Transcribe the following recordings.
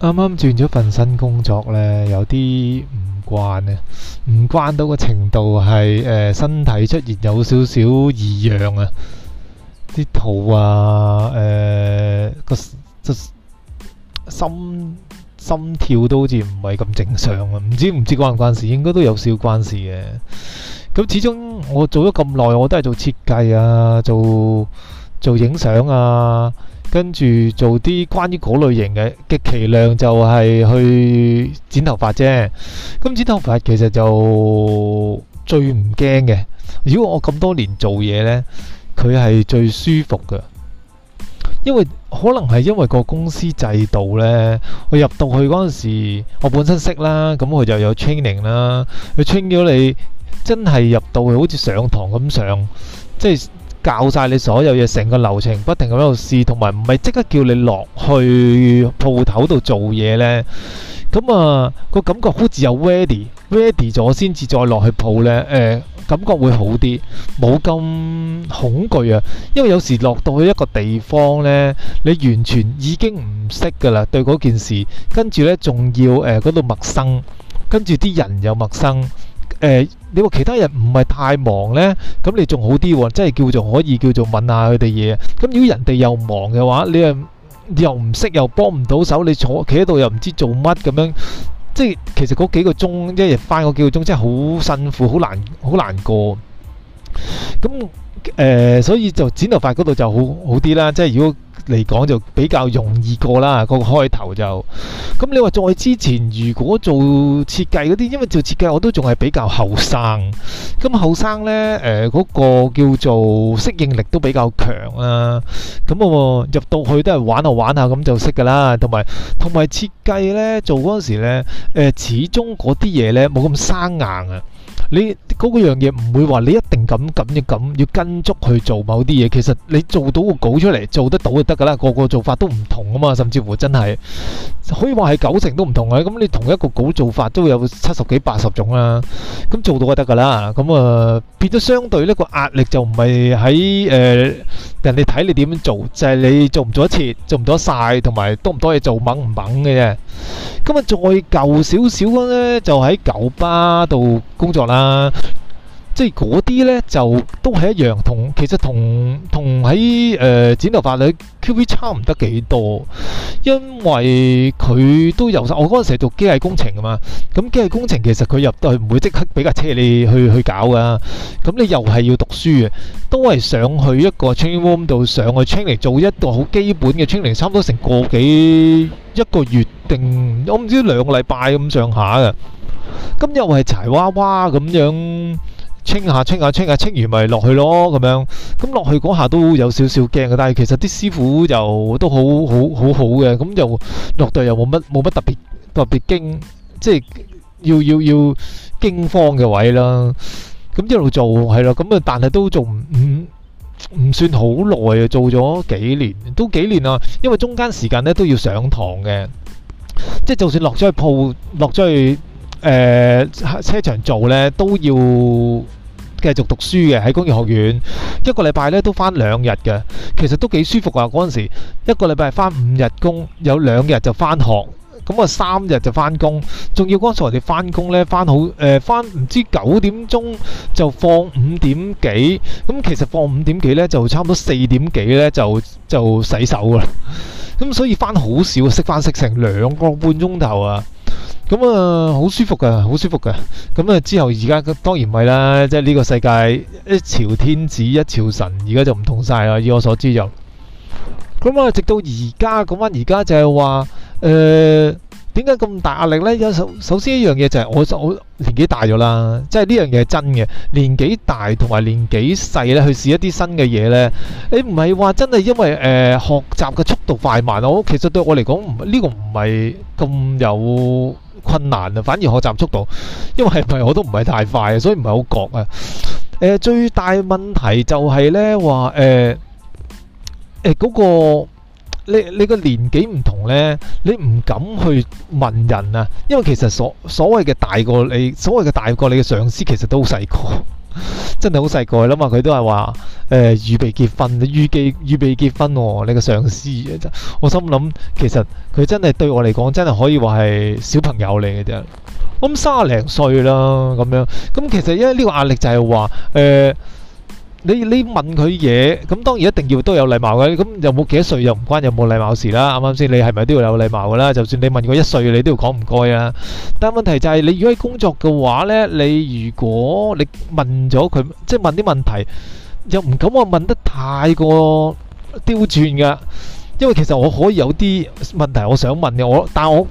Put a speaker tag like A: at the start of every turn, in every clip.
A: 啱啱轉咗份新工作呢，有啲唔慣啊，唔慣到個程度係誒、呃，身體出現有少少異樣啊，啲肚啊，誒、呃、個、個心心跳都好似唔係咁正常啊，唔知唔知關唔關事，應該都有少少關事嘅。咁、嗯、始終我做咗咁耐，我都係做設計啊，做做影相啊。跟住做啲關於嗰類型嘅，極其量就係去剪頭髮啫。咁剪頭髮其實就最唔驚嘅。如果我咁多年做嘢呢，佢係最舒服嘅。因為可能係因為個公司制度呢，我入到去嗰陣時，我本身識啦，咁佢就有 training 啦。佢 training 咗你，真係入到去好似上堂咁上，即係。教曬你所有嘢，成個流程不停咁喺度試，同埋唔係即刻叫你落去鋪頭度做嘢咧。咁啊，個感覺好似有 ready，ready 咗先至再落去鋪咧。誒，感覺會好啲，冇咁恐懼啊。因為有時落到去一個地方咧，你完全已經唔識㗎啦，對嗰件事，跟住咧仲要誒嗰度陌生，跟住啲人又陌生，誒。你話其他人唔係太忙呢？咁你仲好啲喎，哦，即係叫做可以叫做問下佢哋嘢。咁如果人哋又忙嘅話，你又唔識又幫唔到手，你坐企喺度又唔知做乜咁樣，即係其實嗰幾個鐘一日返個幾個鐘，真係好辛苦，好難，好難過。咁。誒、呃，所以就剪頭髮嗰度就好好啲啦，即係如果嚟講就比較容易過啦，嗰個開頭就。咁你話在之前如果做設計嗰啲，因為做設計我都仲係比較後生。咁後生呢，誒、呃、嗰、嗰個叫做適應力都比較強啊。咁、嗯、啊，入到去都係玩下玩下咁就識㗎啦。同埋同埋設計呢，做嗰陣時咧、呃，始終嗰啲嘢呢冇咁生硬啊。你嗰嗰、那個、樣嘢唔會話你一定咁咁要咁要跟足去做某啲嘢，其實你做到個稿出嚟做得到就得噶啦。個個做法都唔同啊嘛，甚至乎真係可以話係九成都唔同嘅。咁、嗯、你同一個稿做法都有七十幾八十種啦、啊。咁、嗯、做到就得噶啦。咁、嗯、啊、呃，變咗相對呢、這個壓力就唔係喺誒人哋睇你點樣做，就係、是、你做唔做得切，做唔做得晒，同埋多唔多嘢做，猛唔猛嘅。啫。今日再舊少少嘅呢，就喺酒吧度工作啦。即係嗰啲呢，就都係一樣，同其實同同喺誒、呃、剪頭髮女 QV 差唔得幾多，因為佢都有。我嗰陣時讀機械工程啊嘛。咁機械工程其實佢入到去唔會即刻俾架車你去去搞噶，咁你又係要讀書嘅，都係上去一個 training room 度上去 training 做一個好基本嘅 training，差唔多成個幾一個月定我唔知兩個禮拜咁上下嘅。咁又係柴娃娃咁樣。清下清下清下，清完咪落去咯咁樣。咁落去嗰下都有少少驚嘅，但係其實啲師傅又都好好好好嘅。咁就落到又冇乜冇乜特別特別驚，即係要要要驚慌嘅位啦。咁一路做係啦，咁啊但係都做唔唔唔算好耐啊，做咗幾年都幾年啦。因為中間時間咧都要上堂嘅，即係就算落咗去鋪落咗去，誒、呃，車場做咧都要繼續讀書嘅，喺工業學院一個禮拜咧都翻兩日嘅，其實都幾舒服啊！嗰陣時一個禮拜係翻五日工，有兩日就翻學，咁、嗯、我三日就翻工。仲要剛才我哋翻工呢，翻好誒、呃,翻唔知九點鐘就放五點幾，咁、嗯、其實放五點幾呢，就差唔多四點幾呢，就就洗手啦，咁、嗯、所以翻好少啊，食飯食成兩個半鐘頭啊！咁啊，好、嗯、舒服噶，好舒服噶。咁、嗯、啊，之後而家當然唔係啦，即係呢個世界一朝天子一朝臣，而家就唔同晒啦。以我所知就，咁、嗯、啊，直到而家咁。啊，而家就係話，誒，點解咁大壓力呢？首首先一樣嘢就係我我年紀大咗啦，即係呢樣嘢係真嘅。年紀大同埋年紀細咧去試一啲新嘅嘢呢，你唔係話真係因為誒、呃、學習嘅速度快慢，我其實對我嚟講唔呢個唔係咁有。困難啊，反而學習速度，因為唔係我都唔係太快，所以唔係好覺啊。誒、呃，最大問題就係呢話誒誒嗰個你你個年紀唔同呢，你唔敢去問人啊，因為其實所所謂嘅大過你，所謂嘅大過你嘅上司，其實都好細個。真係好細個，諗下佢都係話誒，預、呃、備結婚，預備預備結婚喎、哦,你個上司，我心諗其實佢真係對我嚟講，真係可以話係小朋友嚟嘅啫。咁三廿零歲啦，咁樣，咁、嗯、其實因為呢個壓力就係話誒。呃你你問佢嘢，咁當然一定要都有禮貌嘅，咁有冇幾多歲又唔關有冇禮貌事啦，啱唔啱先？你係咪都要有禮貌噶啦？就算你問佢一歲，你都要講唔該啊。但係問題就係，你如果喺工作嘅話呢，你如果你問咗佢，即係問啲問題，又唔敢話問得太過刁鑽噶，因為其實我可以有啲問題我想問嘅，我但我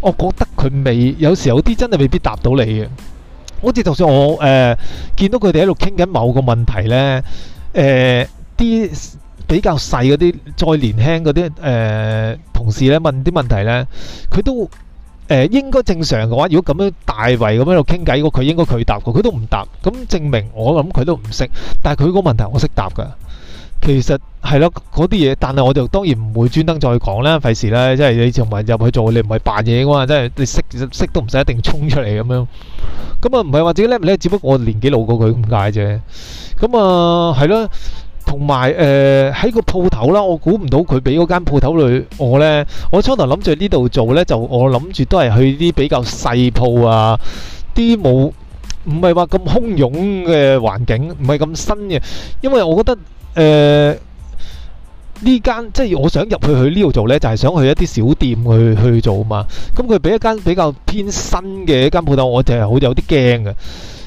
A: 我覺得佢未，有時有啲真係未必答到你嘅。好似就算我誒、呃、見到佢哋喺度傾緊某個問題呢，誒、呃、啲比較細嗰啲、再年輕嗰啲誒同事呢問啲問題呢，佢都誒、呃、應該正常嘅話，如果咁樣大圍咁喺度傾偈，佢應該佢答嘅，佢都唔答，咁證明我諗佢都唔識，但係佢個問題我識答㗎。其實係咯，嗰啲嘢，但係我就當然唔會專登再講啦，費事啦。即係你同埋入去做，你唔係扮嘢噶嘛，即係你識識都唔使一定衝出嚟咁樣。咁啊，唔係話自己叻唔叻，只不過我年紀老過佢咁解啫。咁啊，係咯，同埋誒喺個鋪頭啦，我估唔到佢畀嗰間鋪頭裏我咧，我初頭諗住呢度做咧，就我諗住都係去啲比較細鋪啊，啲冇唔係話咁洶湧嘅環境，唔係咁新嘅，因為我覺得。誒，呢間即係我想入去去呢度做咧，就係想去一啲小店去去做啊嘛。咁佢俾一間比較偏新嘅一間鋪頭，我就係好有啲驚嘅。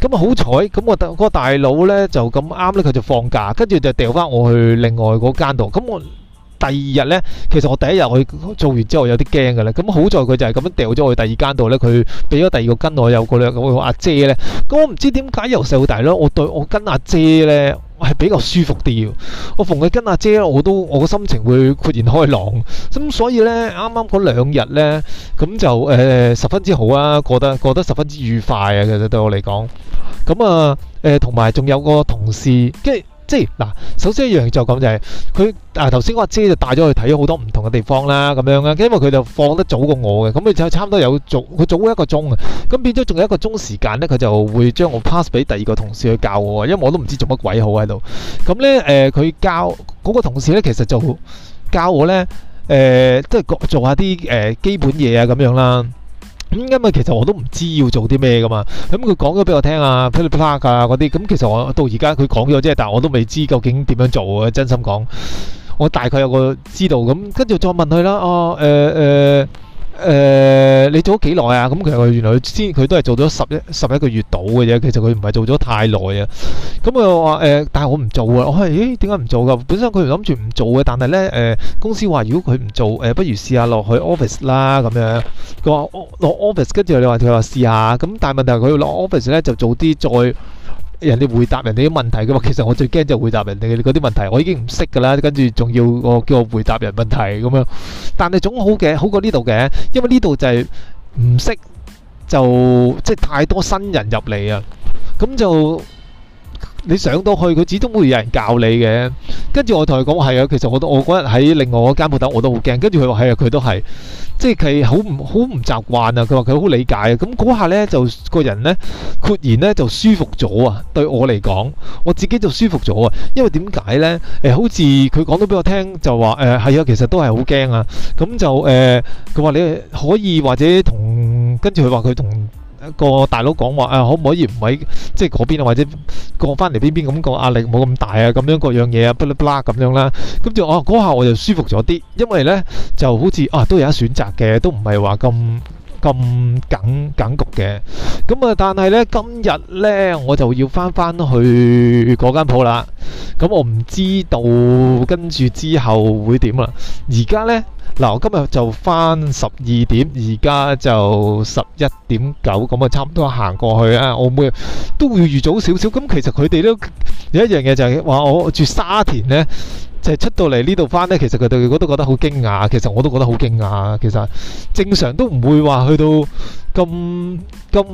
A: 咁啊好彩，咁我大嗰個大佬咧就咁啱咧，佢就放假，跟住就掉翻我去另外嗰間度。咁我第二日咧，其實我第一日去做完之後有啲驚嘅啦。咁好在佢就係咁樣掉咗去第二間度咧，佢俾咗第二個跟我有個兩，有個阿姐咧。咁我唔知點解由細到大咧，我對我跟阿姐咧。係比較舒服啲，我逢佢跟阿姐我都我嘅心情會豁然開朗。咁所以呢，啱啱嗰兩日呢，咁就誒、呃、十分之好啊，過得過得十分之愉快啊。其實對我嚟講，咁啊誒，同埋仲有個同事，即係。即係嗱，首先一樣就咁就係佢啊，頭先阿姐就帶咗去睇咗好多唔同嘅地方啦，咁樣啦。因為佢就放得早過我嘅，咁佢就差唔多有做佢早咗一個鐘啊。咁變咗仲有一個鐘時間咧，佢就會將我 pass 俾第二個同事去教我，因為我都唔知做乜鬼好喺度。咁咧誒，佢教嗰個同事咧，其實就教我咧誒，即係做下啲誒基本嘢啊咁樣啦。咁咁、嗯、啊，啊，其實我都唔知要做啲咩噶嘛。咁佢講咗俾我聽啊噼里啪啦㗎嗰啲。咁其實我到而家佢講咗啫，但我都未知究竟點樣做啊！真心講，我大概有個知道。咁跟住再問佢啦。哦、啊，誒、啊、誒。啊誒，你做咗幾耐啊？咁其實原來佢先，佢都係做咗十一十一個月到嘅啫。其實佢唔係做咗太耐啊。咁我又話誒，但係我唔做啊。我係咦，點解唔做㗎？本身佢諗住唔做嘅，但係咧誒，公司話如果佢唔做誒，不如試下落去 office 啦咁樣。佢話哦落 office，跟住你話佢話試下。咁但係問題係佢要落 office 咧，就早啲再。人哋回答人哋啲問題，佢話其實我最驚就回答人哋嗰啲問題，我已經唔識㗎啦。跟住仲要我叫我回答人問題咁樣，但係總好嘅，好過呢度嘅，因為呢度就係唔識就即係、就係、太多新人入嚟啊，咁就。你上到去，佢始終會有人教你嘅。跟住我同佢講，我係啊，其實我都我嗰日喺另外嗰間鋪頭，我都好驚。跟住佢話係啊，佢都係，即係佢好唔好唔習慣啊？佢話佢好理解啊。咁、嗯、嗰下呢，就個人呢，豁然呢就舒服咗啊。對我嚟講，我自己就舒服咗啊。因為點解呢？誒、呃，好似佢講到俾我聽，就話誒係啊，其實都係好驚啊。咁、嗯、就誒，佢、呃、話你可以或者同，跟住佢話佢同。一個大佬講話啊，可唔可以唔喺即係嗰邊啊，或者過翻嚟呢邊咁個壓力冇咁大啊，咁樣各樣嘢啊，不啦不啦咁樣啦，咁就哦，嗰、啊、下我就舒服咗啲，因為呢就好似啊都有得選擇嘅，都唔係話咁。咁緊緊局嘅，咁啊，但係呢今日呢我就要返返去嗰間鋪啦。咁我唔知道跟住之後會點啦。而家呢嗱，我今日就返十二點，而家就十一點九，咁啊，差唔多行過去啊。我會都會預早少少。咁其實佢哋都有一樣嘢就係話我住沙田呢。就係出到嚟呢度翻呢，其實佢哋都覺得好驚訝。其實我都覺得好驚訝。其實正常都唔會話去到咁咁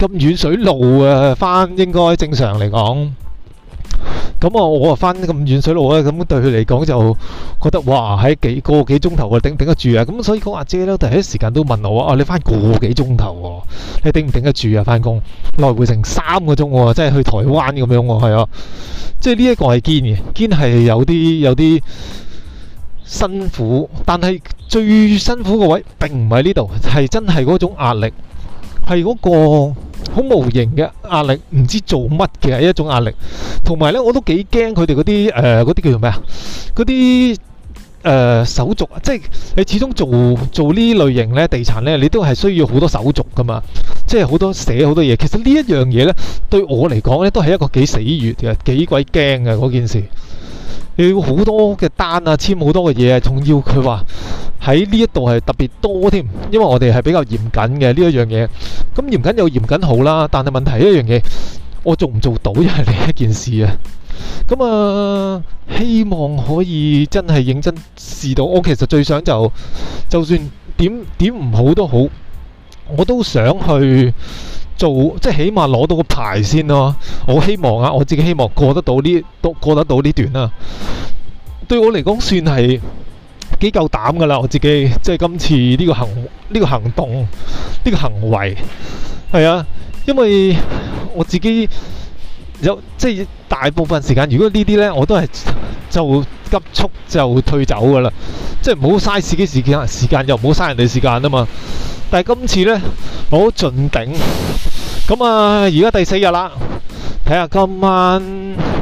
A: 咁遠水路啊，翻應該正常嚟講。咁啊，我啊翻咁遠水路咧，咁對佢嚟講就覺得哇，喺幾個幾鐘頭啊，頂頂得住啊，咁所以個阿姐咧，第一時間都問我話，啊，你翻個幾鐘頭，你頂唔頂得住啊？翻工來回成三個鐘，即係去台灣咁樣，係啊，即係呢一個係堅嘅，堅係有啲有啲辛苦，但係最辛苦個位並唔喺呢度，係真係嗰種壓力，係嗰個。好無形嘅壓力，唔知做乜嘅一種壓力，同埋咧，我都幾驚佢哋嗰啲誒，嗰啲叫做咩啊？嗰啲。誒、呃、手續啊，即係你始終做做呢類型呢地產呢，你都係需要好多手續㗎嘛，即係好多寫好多嘢。其實呢一樣嘢呢對我嚟講呢，都係一個幾死穴嘅，幾鬼驚嘅嗰件事。你好多嘅單啊，簽好多嘅嘢啊，仲要佢話喺呢一度係特別多添，因為我哋係比較嚴謹嘅呢一樣嘢。咁嚴謹又嚴謹好啦，但係問題一樣嘢，我做唔做到又係另一件事啊。咁啊，希望可以真係認真試到。我其實最想就，就算點點唔好都好，我都想去做，即係起碼攞到個牌先咯、啊。我希望啊，我自己希望過得到呢，都過得到呢段啊。對我嚟講，算係幾夠膽噶啦。我自己即係今次呢個行呢、呢個行動呢、呢個行為，係啊，因為我自己。即係大部分時間，如果呢啲呢，我都係就急速就會退走噶啦，即係唔好嘥自己時間，時間又唔好嘥人哋時間啊嘛。但係今次呢，我好盡頂。咁啊，而家第四日啦，睇下今晚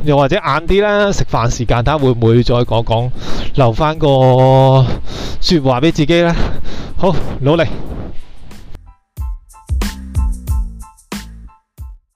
A: 又或者晏啲啦，食飯時間睇下會唔會再講講，留翻個說話俾自己咧。好，努力。